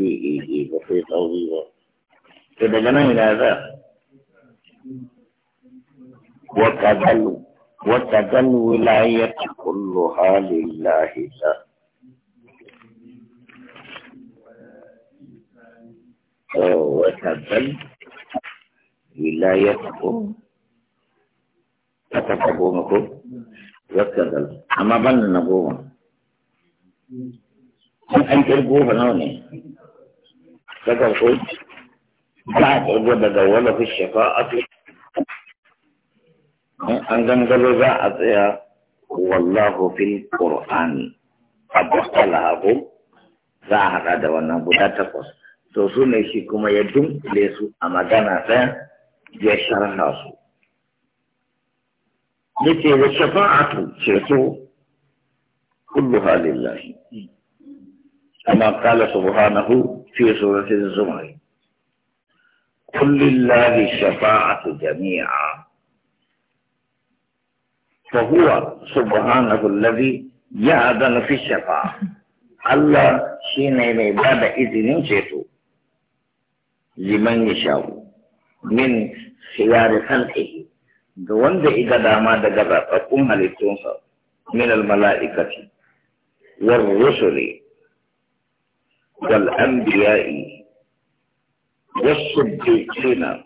إيه،, إيه،, إيه بسيط أو بيضاء كده جميع هذا وتدل وتدل ولاية كلها لله لا وتدل ولايتكم تتفقونكم وتدل أما بل نقوم أنت القوة نوني Sakan ko ba ɗago daga wani fi shafa'atu an gangaro za a tsaya wallahu fil qur'ani abu ko za a haɗa da wannan guda takwas to su ne shi kuma ya dunkule su a magana ɗaya ya sharha su ce wa shafa'atu ceto kullu halillahi كما قال سبحانه في سورة الزمر قل لله الشفاعة جميعا فهو سبحانه الذي يأذن في الشفاعة الله شين بعد إذن شئته لمن يشاء من خيار خلقه دون wanda iga dama daga لتنصر من الملائكة والرسل والأنبياء والصديقين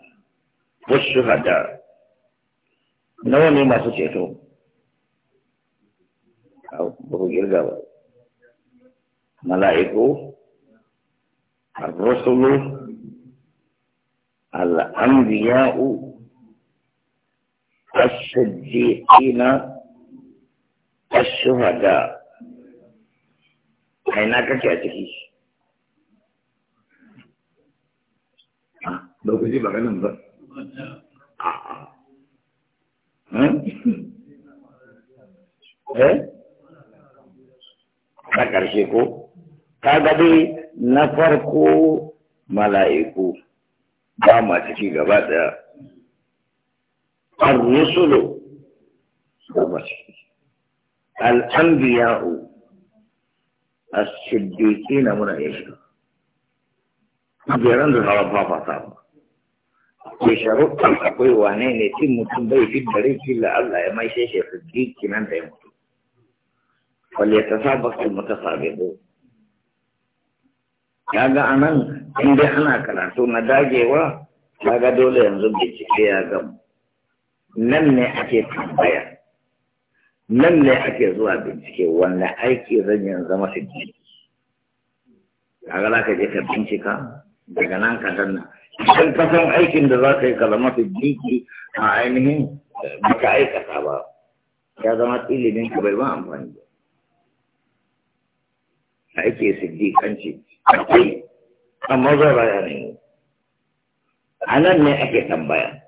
والشهداء نواني ما سجيتو أو بقول يرجعوا ملائكة الرسل الأنبياء الصديقين الشهداء هناك كاتبين ba ku ji maganin ba a'a eh a ƙarshe ko ka dai na farko mala'iku ba ma ciki gaba ɗaya ar-rusulu ba ma ciki al-anbiya'u as-siddiqina muna iya shiga. Kujeran da zama fafata ba. akwai sharuɗan akwai wane ne cin mutum bai fi da rai kila Allah ya mai sheshe siddiqi nan da ya mutu wal yatasabaqu Ya kaga anan inda ana karatu na dagewa kaga dole yanzu bincike ya gamu nan ne ake tambaya nan ne ake zuwa bincike wanda aiki zan yanzu zama Ya kaga za ka je ka bincika daga nan ka danna idan ka san aikin da za ka yi kalamata zama jinki a ainihin baka aikata ba ya zama ilimin ka bai ba amfani ba ake siddiƙanci akwai amma zai baya ne a nan ne ake tambaya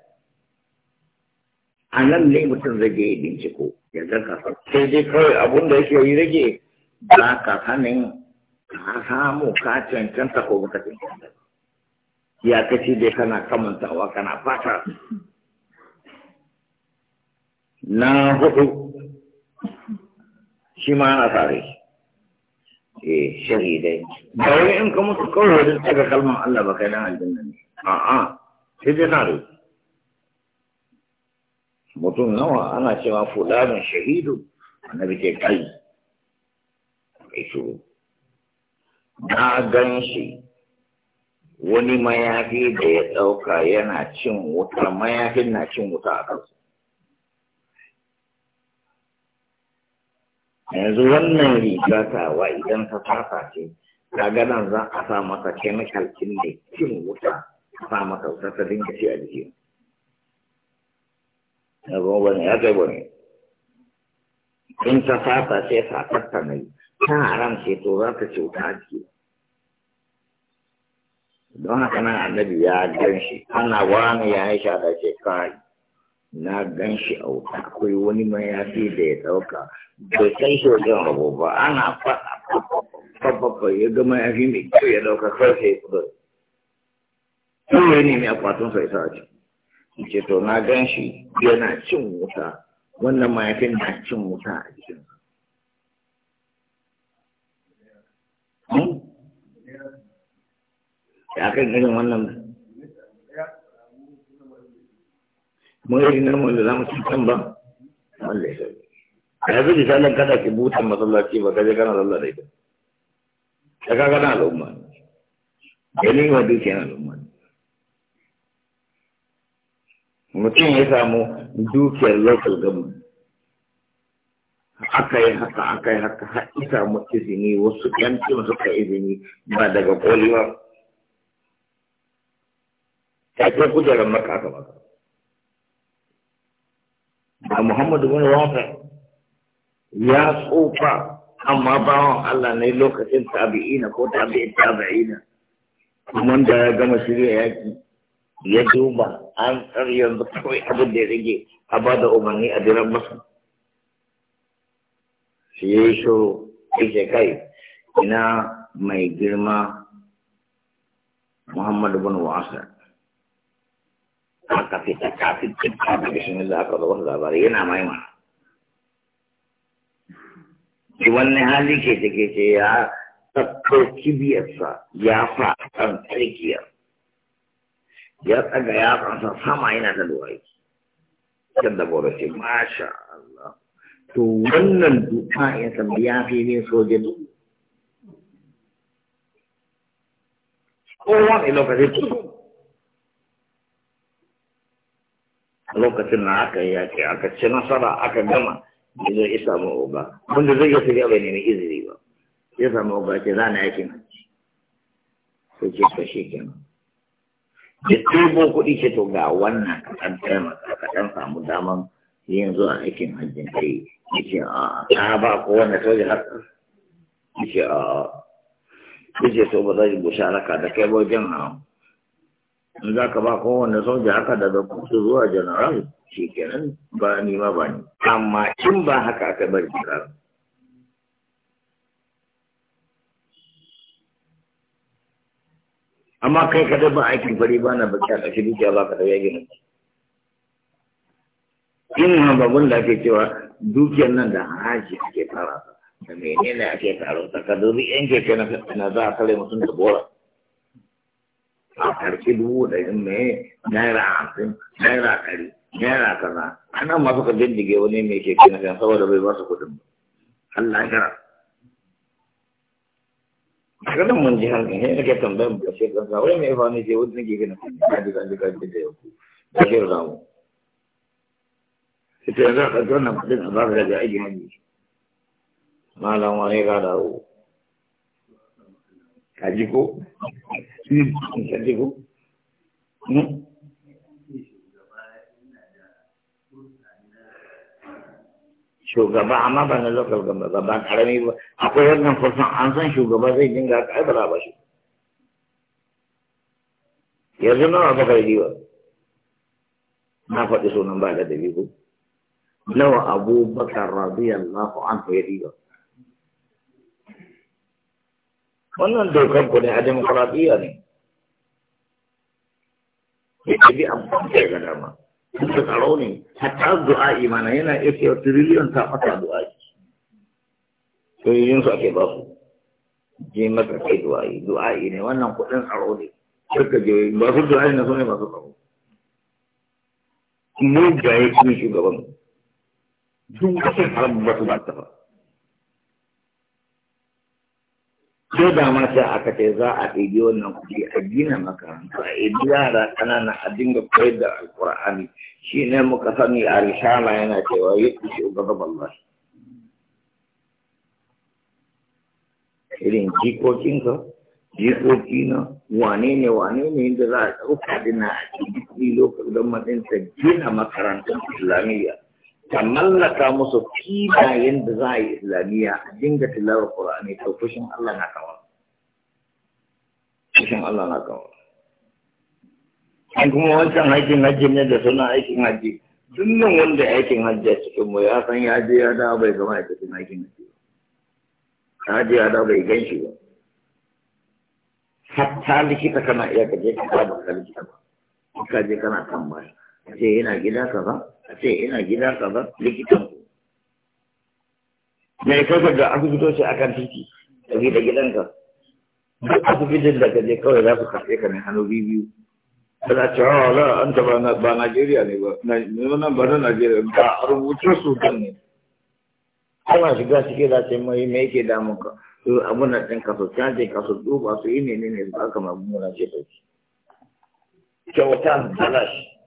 a nan ne mutum zai je binciko ya zaka sai dai kawai abun da yake yi rage ba ka sanin ka samu ka cancanta ko baka cancanta ya kace dai kana kamantawa kana fata na hudu shi ma ana tare eh shahidai ba wai in ka mutu kawai wajen daga kalman Allah ba kai dan aljanna ne a'a sai dai tare mutum nawa ana cewa fulanin shahidu annabi ke kai kai shuru na gan shi wani mayafi da ya ɗauka yana cin wuta mayafin na cin wuta a kansu yanzu wannan riga tawa idan ta fata ce ta ganin za a sa masa chemical kin ne cin wuta a sa masa wuta ta dinga ci a jiki na wani ne ya zai bane in ta fata ce sa tattana ta haram ce to za ta ce wuta a jiki don haka nan annabi ya gan shi ana wani ya yi sha da ce kai na gan shi a wuta akwai wani mayafi da ya dauka bai san shi wajen rabo ba ana fafafa ya ga mayafi mai kyau ya dauka kawai sai kudur kawai ne nemi akwatunsa ya sa a ciki ce to na gan shi yana cin wuta wannan mayafin na cin wuta a jikinsa ya kan irin wannan mun yi nan wanda za mu ci kan ba wanda ya sauke a yanzu misalin kada ki buta masallaci ba kaje kana zalla da ita ta kaga na al'umma ganin wa duk yana al'umma mutum ya samu dukiyar local government aka yi haka aka yi haka har isa mu izini wasu ƴan ce suka izini ba daga koli ba kafin kujerar maka aka baka da muhammadu bin wafa ya tsufa amma bawan allah ne lokacin tabi'ina ko tabi'in tabi'ina kuma da ya gama shirya yaki ya duba an tsar yanzu kawai abin da ya rage a ba da umarni a jiran masa shi ya yi ya kai ina mai girma muhammadu bin wasa aka fita kafin fita daga shi da aka zaba labari yana maima shi wani hali ke take ce ya tsakko kibiyarsa ya fa kan tsarkiyar ya tsaga ya tsansa sama yana da luwai kan da bora ce masha Allah to wannan duka ya san ya fi ne sojin kowane lokaci lokacin na aka yi yaƙi aka ci nasara aka gama da zai isa mu oba wanda zai yi shiga bai nemi izini ba ya samu oba ce za na yaƙi na ci sai ce ka shi kenan da ɗebo kuɗi ce to ga wannan kaɗan taimaka ka samu daman yin zuwa aikin hajjin kai yake a ta ba ko wanda soja haka yake a yake so ba zai bushara ka da kai wajen hawa in za ka ba kowane soja haka daga kusa zuwa general shi kenan ba ni ma ba ni amma in ba haka aka bar general amma kai ka ba aikin fari ba na baki a ƙashi dukiya ba ka tafiya gina in babun da ake cewa dukiyar nan da haji ake tara da menene ake taro ta ka dubi yanke keke na za a kare mutum da bora a karki dubu ɗari ne naira hamsin naira ɗari naira kaza ana ma suka bindige wani mai keke na kan saboda bai ba su kuɗin ba Allah ya daga nan mun ji hankali sai nake tambayar mu kashe kan sa wai mai fani ce wani nake gina ka ji ka ji ka ji da yau da ke ramu ita yanzu a ɗauki wannan kuɗin a ba ka daga aiki hanyar malam wani ya dawo ka ji ko shugaba amma ba na local government ba ba karami ba akwai wannan fursan an san shugaba zai dinga ka ai ba ba shi yanzu nawa ba kai ba na faɗi sunan ba da dabi ko nawa abubakar radiyallahu anhu ya riba wannan dokan ku ne a demokuraɗiyya ne ya ce bi amfani da ga dama da tsaro ne hatta du'a imana yana iya cewa tiriliyon ta fata du'a to yin su ake ba su je maka kai du'a du'a ne wannan kuɗin tsaro ne suka je ba su du'a ne su ne masu tsaro mu ga kuma shugaban duk wasu haram ba su ba ta ba sai da ma sai aka ce za a ɗaiɗi wannan kuɗi a gina makaranta a ɗaiɗi yara ƙanana a dinga koyar da alƙur'ani shi ne muka sani a rishala yana cewa ya kushe gazaban ba irin jikokinka jikoki na wane ne wane ne inda za a ɗauka dina a cikin kuɗi lokacin don matsayin ta gina makarantar islamiyya ka mallaka musu filayen da za a yi islamiyya a dinga tilawa qur'ani to fushin Allah na kawo fushin Allah na kawo an kuma wancan aikin hajji ne da suna aikin hajji dukkan wanda aikin hajji a cikin mu ya san ya je ya dawo bai gama ya tafi aikin hajji ba ya je ya dawo bai gan shi ba hatta likita kana iya kaje ka ba da likita ba ka je kana tambaya a ce yana gida ba a ce yana gida ba likitan ku me kai ga asibitoci a kan titi da gida gidanka duk asibitin da ka je kawai za su karɓe ka mai hannu biyu Tana cewa ah, wala an taba ba Najeriya ne ba, nan ba na Najeriya ba a rubuce su kan ne. kuma shiga cike za ce mai me yake damun ka, su abuna ɗin kaso canje kaso duba su yi ne ne ba ka muna ce ɗauki. Kyauta talashi.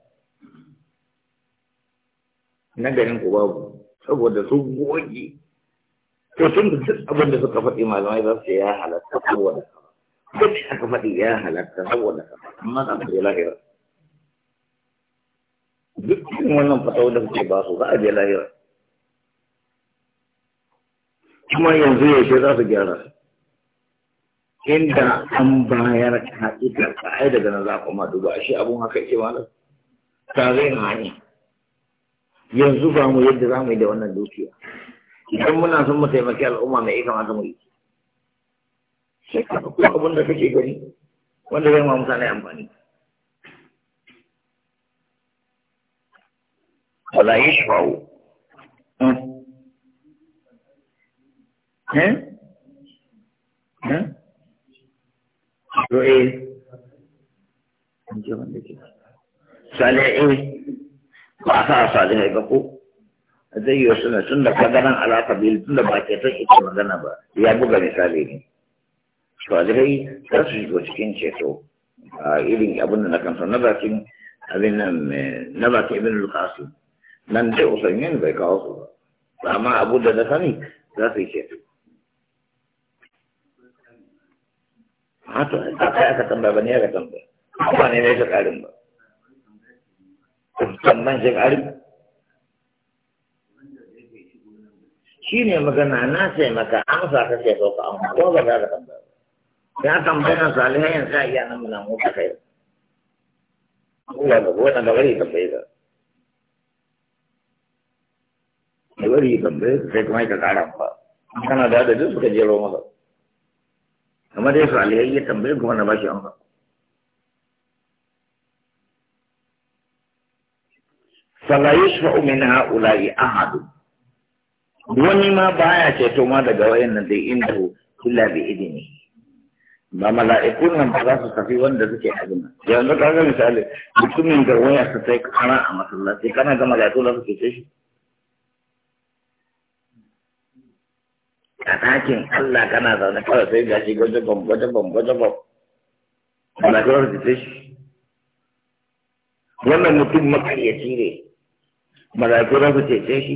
na garin ku babu saboda su goge to sun da duk abin da suka faɗi malamai za su ya halatta saboda duk aka faɗi ya halatta saboda amma za su je lahira duk cikin wannan fatawa da suke ba su za a je lahira kuma yanzu yaushe za su gyara inda an bayar ka'idar ka'ai daga na za kuma duba shi abun haka ke malam ta zai na hanyar yanzu ba mu yadda za mu yi da wannan dukiya idan muna son mu taimaki al'umma mai ikan aka mu yi sai ka ko abin da kake gani wanda zai ma mutane amfani wala yashfa'u eh eh to eh an ji wanda ke eh ba sa salihai ba ko zai yi suna tun da ka ganan alaƙa biyu tun da ba ke son ita magana ba ya buga misali ne salihai za su shigo cikin ceto a irin abin da na kan san sa nazarin abin nan eh, nazarin ibn lukasu nan dai usaimin bai kawo su ba ma abu da na sani za su yi ceto haka aka tambaya ba ne aka tambaya ba ne ne ta ƙarin ba sannan shekari shi ne magana na sai maka amsa ka sai so ka amma ko ba za ka tambaya ba. ya tambaya tambayar salihai yanzu a iya nan muna mota kai Allah ga wannan da bari tambaye ka da bari tambaye ka sai kuma ka kara ba kana da adadin suka jero masa. kamar dai salihai ya tambaye kuma na ba shi amsa fala yashfa'u min ha'ula'i ahadu wani ma baya ceto ma daga wayannan da inda illa bi idini ba mala'ikun nan ba za su tafi wanda suke abin yanzu ka ga misali mutumin da waya su sai kana a masallaci kana ga mala'iku za su cece shi a ɗakin Allah kana zaune kawai sai gashi gwaje bam gwaje bam gwaje bam mala'iku za su cece shi wannan mutum makaryaci ne mala'iku su ce ce shi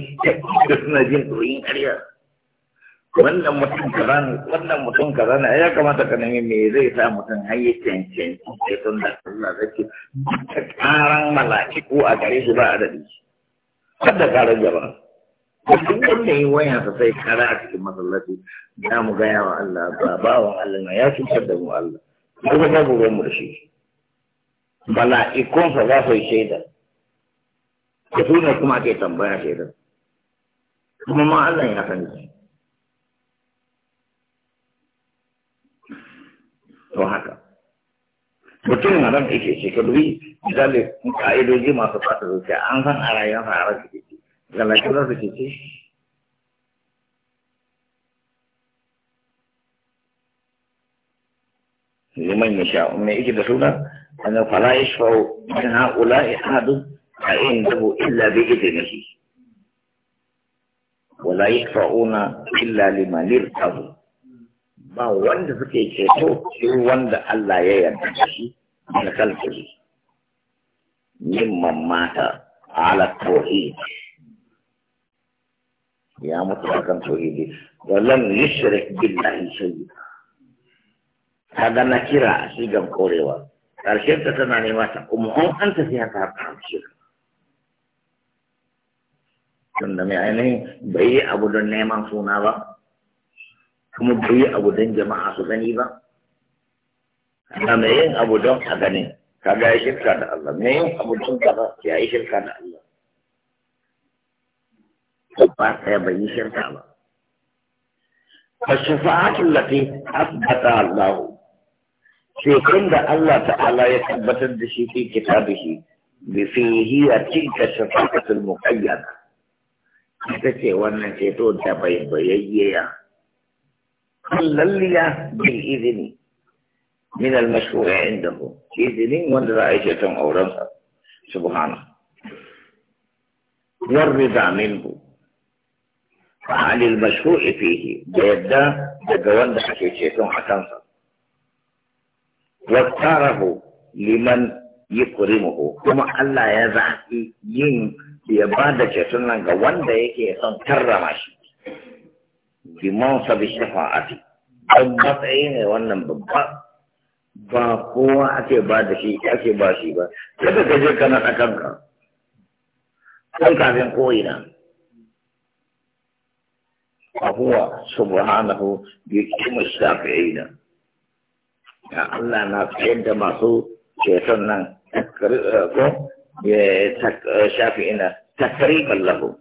da suna jin ɗoyin ƙarya wannan mutum kaza ne wannan mutum kaza ne ya kamata ka nemi me zai sa mutum har ya cancanci sai sun da Allah zai da karan mala'iku a gare shi ba a daɗi kada karan jama'a duk da yi wayan sa sai kara a cikin masallaci za mu gaya wa Allah ba wa Allah na ya cutar da mu Allah kuma ga mu ga mu da shi ikon sa za su yi shaidar da su ne kuma ake tambaya shaidar kuma ma Allah ya san sani to haka mutum na ran ike ce ka dubi misali ka'idoji masu fata zuciya an san a rayuwar sa a rasu cece galashi za su cece liman ya sha mai ike da suna ana fala ya shawo min ha'ula ya hadu عنده إلا بإذنه ولا يكفؤون إلا لمن ارتضى ba wanda suke ceto sai wanda Allah ya yarda da shi na kalkuli mimman mata ala tauhid ya mutu akan tauhidi wa lam yushrik billahi shay Kada na kira shi ga korewa karshen ta tana nema ta kuma an ta sai ta shirka tunda mai ainihin bai yi abu don neman suna ba kuma bai yi abu don jama'a su gani ba ana mai yin abu don a gani kaga ya shirka da Allah mai yin abu don kaza ya yi shirka da Allah ba ɗaya bai yi shirka ba Shekarun da Allah Ta'ala Ya tabbatar da shi يثبت الدشي في كتابه بفيه هي تلك الشفاعة المقيدة ita ce wannan ceto da bai bayayya lalliya bi izini min al mashru'a indahu izinin wanda za a yi ceton sa subhana da minhu عن المشروع فيه بيدا بجوان حكي شيطان حسنسا واختاره لمن يكرمه كما ألا يزعي ين ya ba da ceton nan ga wanda yake son karrama shi bi bi shafa'ati don matsayi ne wannan babba ba kowa ake ba da shi ake ba shi ba kada ka je kana a kanka kan kafin ko'ina wa huwa subhanahu bi kuma shafi'ina ya Allah na tsayar da masu ceton nan ko Eh, shafi'ina takriban lahu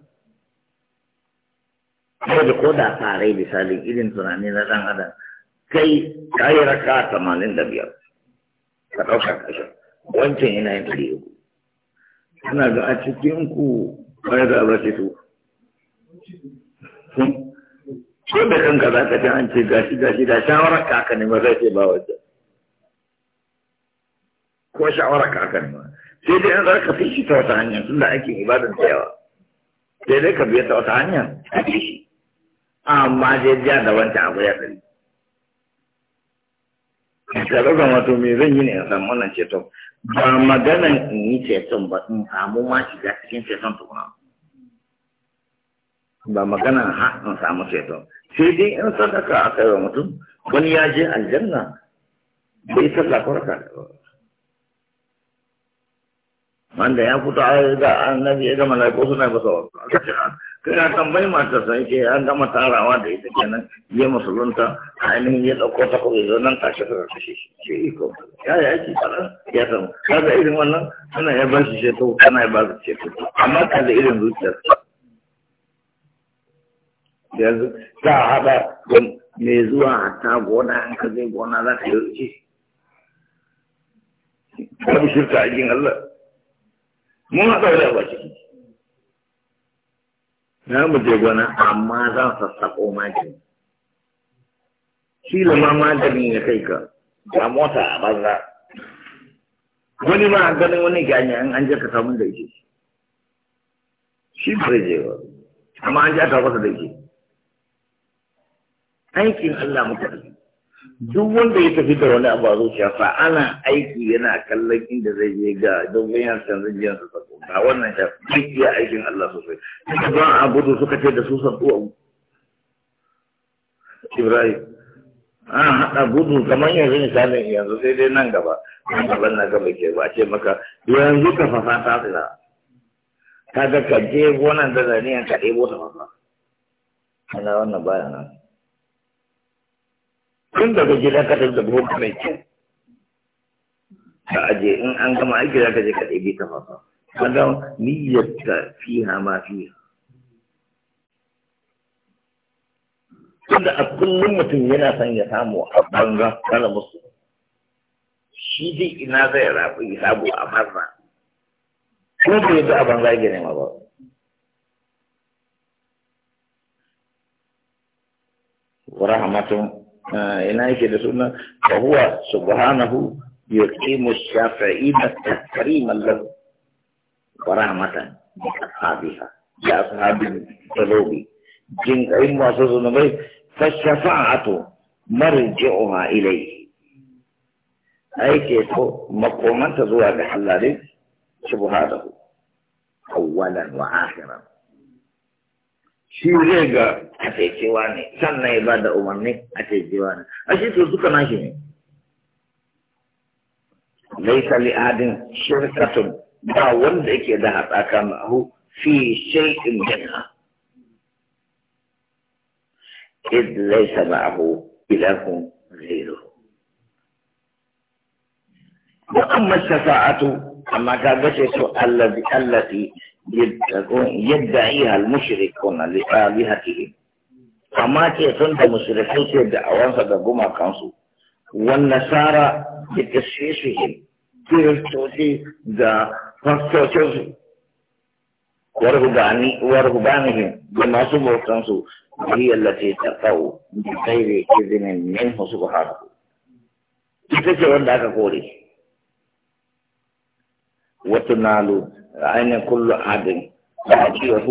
ko da ko da farai misali irin tunani na dan adam kai kai raka tamanin da biyar ka ɗauka kashe wancan yana yin ɗari uku ana ga a cikin ku kai ga abace su ko da kanka za ka ta an ce gashi gashi da shawarar ka aka zai ce ba wajen ko shawarar ka aka sai dai an za ka fi shi ta wata hanya tun da ake ibadan da yawa sai dai ka biya ta wata hanya a fi shi amma dai biya da wancan abu ya ɗari ka ɗauka wato me zan yi ne a samu wannan ceton ba maganan in yi ceton ba in samu ma shiga cikin ceton tukuna ba magana ha in samu ceton sai dai in sadaka a kai wa mutum wani ya je aljanna bai sallah kwarka da wanda ya fito a ga annabi ya gama lafiya suna masa wanka kana tambayi matar sai ke an gama tarawa da ita kenan ya musulunta ainihin ya dauko ta kuma zo nan kashe ta kashe shi ce iko ya yi aiki fara ya samu kaga irin wannan ana ya ba shi sheto kana ya ba shi sheto amma da irin zuciyar yanzu za a haɗa mai zuwa hatta gona an ka zai gona za ka yi rikici. Babu a jin Allah. mun haɗa wani abu a ciki na mu je gona amma zan sassaƙo magani shi lama magani ya kai ka ga mota a banza wani ma ganin wani gani an an je ka samu da yake shi bai je ba amma an je a tafasa da yake aikin Allah mutane. duk wanda ya tafi da wani abu a fa ana aiki yana kallon inda zai je ga dogon yan canza jiyan su sako ga wannan ya aiki ya aikin Allah sosai suka zuwa a gudu suka ce da su sako abu Ibrahim an haɗa gudu kamar yanzu misalin yanzu sai dai nan gaba nan gaban na gaba ke ba ce maka yanzu ka fafa ta tsira ga ka je gonan da zaniyan ka ɗebo ta fafa ana wannan baya nan tun daga gida ka da buhu mai kyau ka aje in an gama aiki za ka je ka ɗebe ta fafa kaga niyyar ta fiha ma fiha tunda a kullum mutum yana son ya samu a banza kana musu shi dai ina zai rabu ya samu a banza ko da yadda a banza ya gina ba ورحمة ina yake da suna wa huwa subhanahu yuqimu syafi'ina takriman lahu wa rahmatan bi ashabiha ya ashabin qulubi jin kai masu zunubai fa shafa'atu marji'uha ilai. aike to makomanta zuwa ga Allah ne subhanahu awwalan wa akhiran shi zai ga a cewa ne sannan ya ba da umarni a cewa ne a shi to suka nashi ne laisa li adin shirkatun ba wanda yake da hatsaka ma'ahu fi shay'in minha id laisa ma'ahu ilahun ghayru wa amma shafa'atu amma ka gace to allazi allati yadda'iha al-mushrikuna li alihatihi amma ke sun da mushriku ce da awansa da goma kansu wan nasara bi tashfishihi kirtoti da fasotos warubani warubani da masu mulkan su bi allati taqaw bi khairi idhnin minhu subhanahu ita ce wanda aka kore وتنال عين كل عدل يعطيه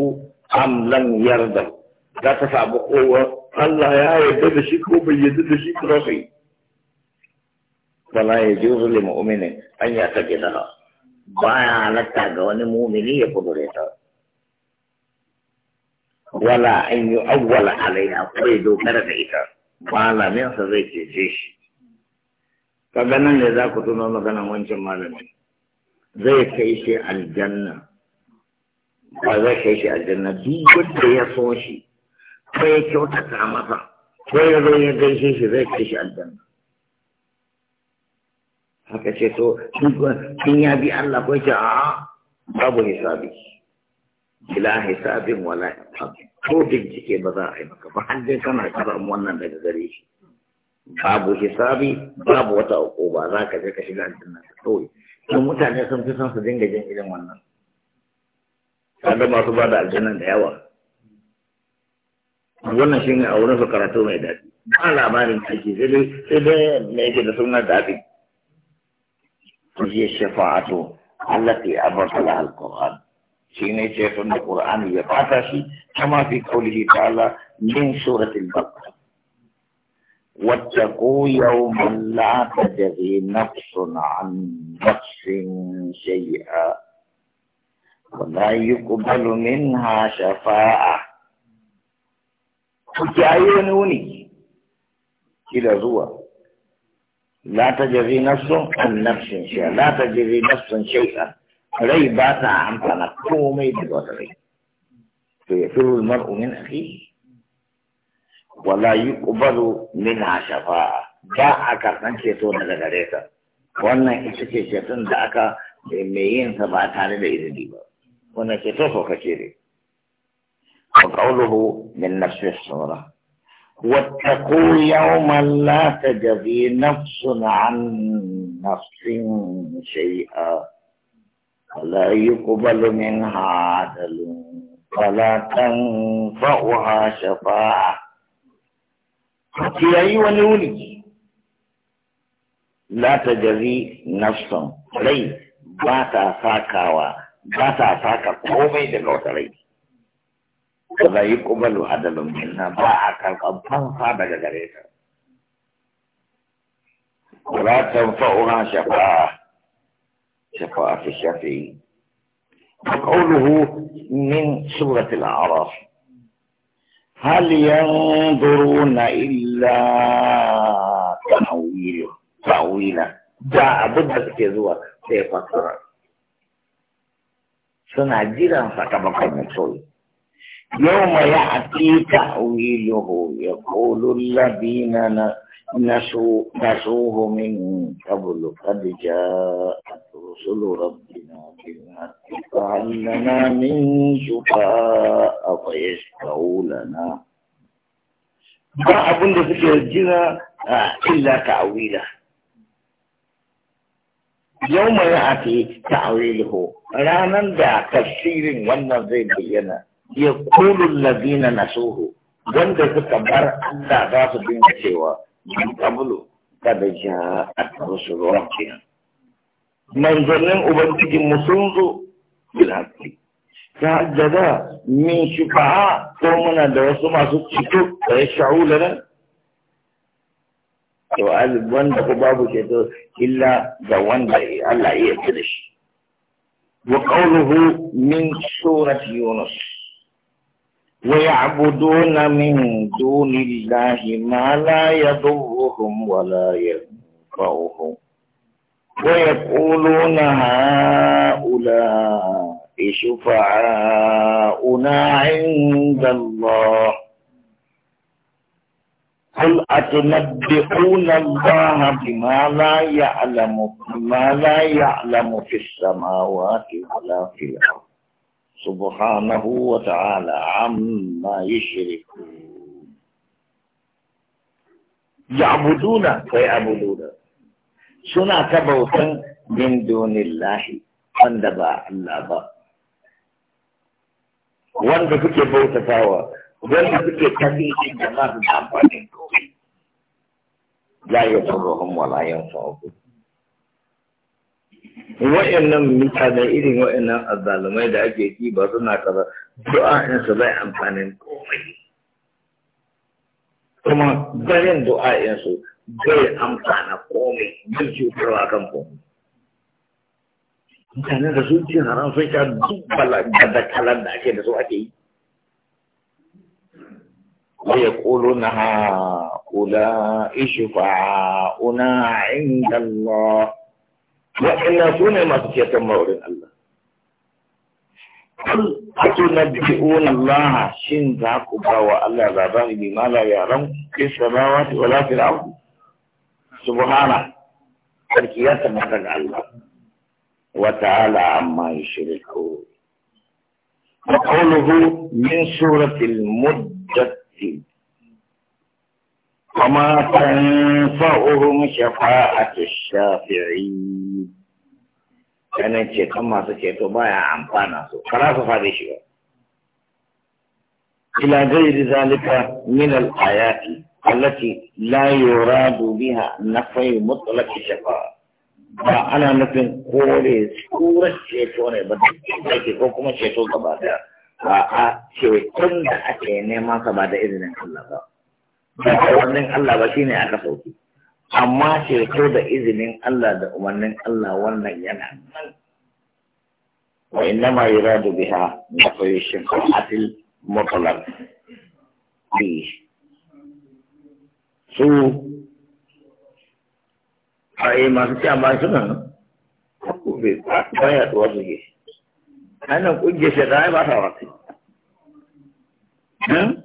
أم لن يرضى لا تفع بقوة الله يا يدد شيك وبيدد شيك رخي فلا يجوز لمؤمن أن يعتقدها بايا على التعقون مؤمن يقدر ولا أن يؤول عليها قيد كردئك قال من صديق الجيش فبنا لذا كنت نمكن وانشم مالمين zai kai shi aljanna ba zai kai shi aljanna duk da ya so shi ko ya kyautata masa ko ya zo ya gaishe shi zai kai shi aljanna haka ce to in ya bi Allah ko ce a babu hisabi ila hisabin wala hisabi ko bincike ba za a yi maka ba har dai kana karan wannan daga gare shi babu hisabi babu wata uku ba za ka je ka shiga aljanna kawai don mutane sun fi son su dinga jin irin wannan kada masu ba da aljannan da yawa wannan shi ne a wurin su karatu mai daɗi ba labarin da ake sai dai me yake da suna daɗi shi shafa'atu Allah ke abarta alƙur'an shi ne ce da Qur'ani ya fata shi kama fi kauli ta'ala min suratul baqara واتقوا يوما لا تجزي نفس عن نفس شيئا ولا يقبل منها شفاعة كايون وني كلا زوا لا تجزي نفس عن نفس شيئا لا تجزي نفس شيئا ريباتا عن نعم، تنقومي كومي بغضري فيفر المرء من أخيه wala yuqbalu minha shafa'a ba a karɓan ceto daga gare ta wannan ita ce ceton da aka mai yin sa ba tare da izini ba wannan ceto ko kace ne wa qawluhu min nafsi sura واتقوا يوما لا تجزي نفس عن نفس شيئا ولا يقبل منها عدل ولا تنفعها شفاعه خطيئي ونولي لا تجري نفسا لي باتا ساكا و باتا ساكا قومي دلوت لي ولا يقبل عدل منا باعا كالقا فانفا بجريتا ولا تنفعها شفاعة شفاعة الشفيع فقوله من سورة الأعراف هل ينظرون إلا تأويله تأويله جاء بدك كذوة سيف القرآن سنعجلا فتبقى المسؤول يوم يأتي تأويله يقول الذين نسوه من قبل قد جاءت رسل ربنا بالحق فهل لنا من شفاء فيشفعوا لنا ba abin suke jira illa ta'awila yau mai ake ta'awiluhu ranar da kasirin wannan zai bayyana ya kulun lazina nasuhu wanda suka bar Allah za su من قبل قد جاءت رسل ربها من ظنن أبنتك مسنز بالحق تعجدا من شفعاء قومنا درسوا مع ستشتو ويشفعوا لنا وقال وان دقوا بابو شيطو إلا ده وان الله يبتدش وقوله من سورة يونس ويعبدون من دون الله ما لا يضرهم ولا ينفعهم ويقولون هؤلاء شفعاؤنا عند الله قل أتنبئون الله بما لا يعلم ما لا يعلم في السماوات ولا في الأرض سبحانه وتعالى عما يشركون يعبدون فيعبدون سنة بوتا من دون الله عند با الله وانت كنت بوتا فاوى وانت كنت تبيت جماعة الأمبالين لا يضرهم ولا ينفعهم wa'annan mutane irin wa'annan azzalumai da ake ki ba suna kaza du'a in su bai amfanin komai kuma barin du'a in su bai amfana komai bai cutarwa kan komai mutanen da sun ci haram sun sha duk balakalar da ake da su ake yi ويقولون هؤلاء una عند الله waɗannan su ne masu ceton maurin Allah. Kul atunabbi'una Allah shin za ku ba wa Allah labari bi mala yaran fi samawati wala fil ardi subhana sarki ya tabbata ga Allah wa ta'ala amma yushriku wa qawluhu min suratil muddathir وما تنفعهم شفاعة الشافعين كان كم ما سكتوا بايع أمبانا سو خلاص هذا الشيء إلى غير ذلك من الآيات التي لا يراد بها نفي مطلق الشفاعة فأنا نفي قولي سورة شيطانة بدك ko kuma ceto gaba daya a'a ce tun da ake neman sa ba da izinin Allah ba ba da umarnin Allah ba shine aka sauki amma ceto da izinin Allah da umarnin Allah wannan yana nan wa innama yuradu biha nafayu shafa'atil mutlaq bi su ai masu ci amma suna ko bai ba ya tsuwa suke ana shi da ba ta wasu hmm?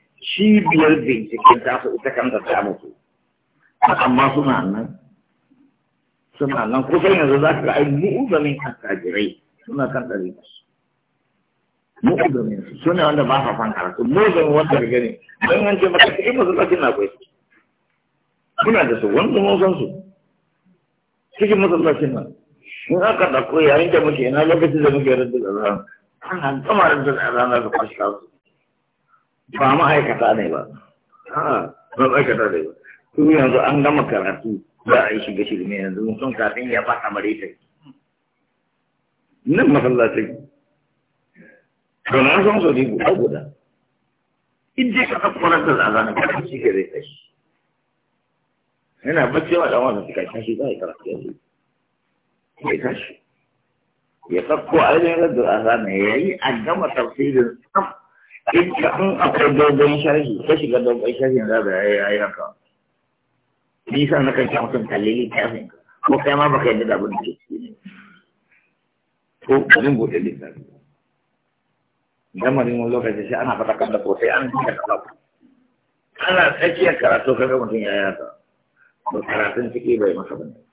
cibiyar binciken ta su ita kanta ta mutu amma suna nan suna nan kusan yanzu za ka ga ai mu'uzamin attajirai suna kan ɗari mu'uzamin su suna wanda ba sa fan karatu mu'uzamin wanda ga ne don an ce maka cikin masallacin na akwai Suna da su wanda mun san su cikin masallacin nan in aka ɗauko yayin da muke ina lokacin da muke rantsa da zan an gama rantsa da zan da su kwashe su ba ma'aikata ne ba a'a ba ma'aikata ne ba tun yanzu an gama karatu za a yi shiga shirme yanzu Mun son kafin ya fata mare ta nan masallacin to na san so ne guda guda in ka ka kakwarar da zazanin karatu shi ke ta shi. yana bacci wa dan wannan suka tashi zai karatu yanzu ta shi. ya kakko ainihin da ya yayi a gama tafsirin tsaf in akwai dogon sharhi ka shiga dogon sharhi da da ya yi haka ni sa na kanta mutum kalli littafin ko kai ma baka yadda da abin da ke ciki ko kamin bude ne littafin damarin wani lokaci sai ana fatakar kanta ko sai an yi da kafa ana tsakiyar karatu kaga mutum ya yi haka to karatun ciki bai masa bane